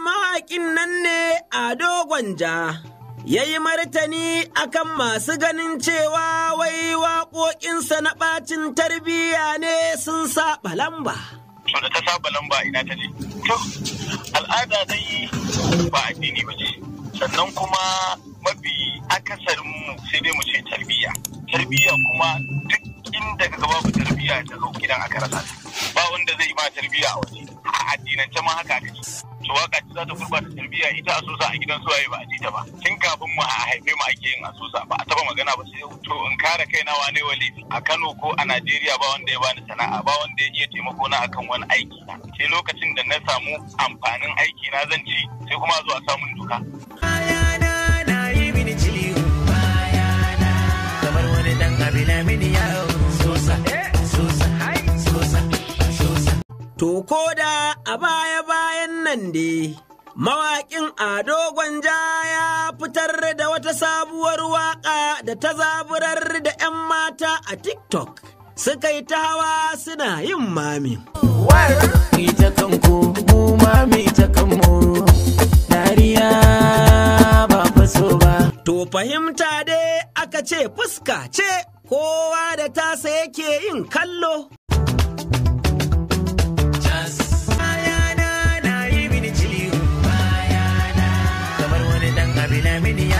mawaƙin nan ne Ado Gwanja. Ya yi martani a kan masu ganin cewa wai waƙoƙinsa na ɓacin tarbiyya ne sun saɓa lamba. Sau da ta saɓa lamba ina ta ne. To, al'ada yi ba addini ba ce. Sannan kuma mafi akasarin mu sai dai mu ce tarbiyya. Tarbiyya kuma duk inda ka gaba ba tarbiyya ta zo gidan aka rasa. Ba wanda zai ma tarbiyya a waje. a addinance ma haka aka to waka ce za ta gurbata tarbiyya ita asusa a gidan suwaye ba a ji ta ba tun kafin mu a haife mu ake yin asusa ba a taba magana ba sai to in kare kai na wane wali a Kano ko a Najeriya ba wanda ya bani sana'a ba wanda ya yi taimako na akan wani aiki na sai lokacin da na samu amfanin aiki na zan ci sai kuma zuwa samun duka kamar wani dan To ko da a baya-bayan nan de, mawaƙin Ado Gwanja ya fitar da wata sabuwar waƙa da ta zaburar da 'yan mata a TikTok. Suka yi ta hawa suna yin mami. To fahimta dai aka ce fuska ce, kowa da tasa yake yin kallo. Sabina Minia.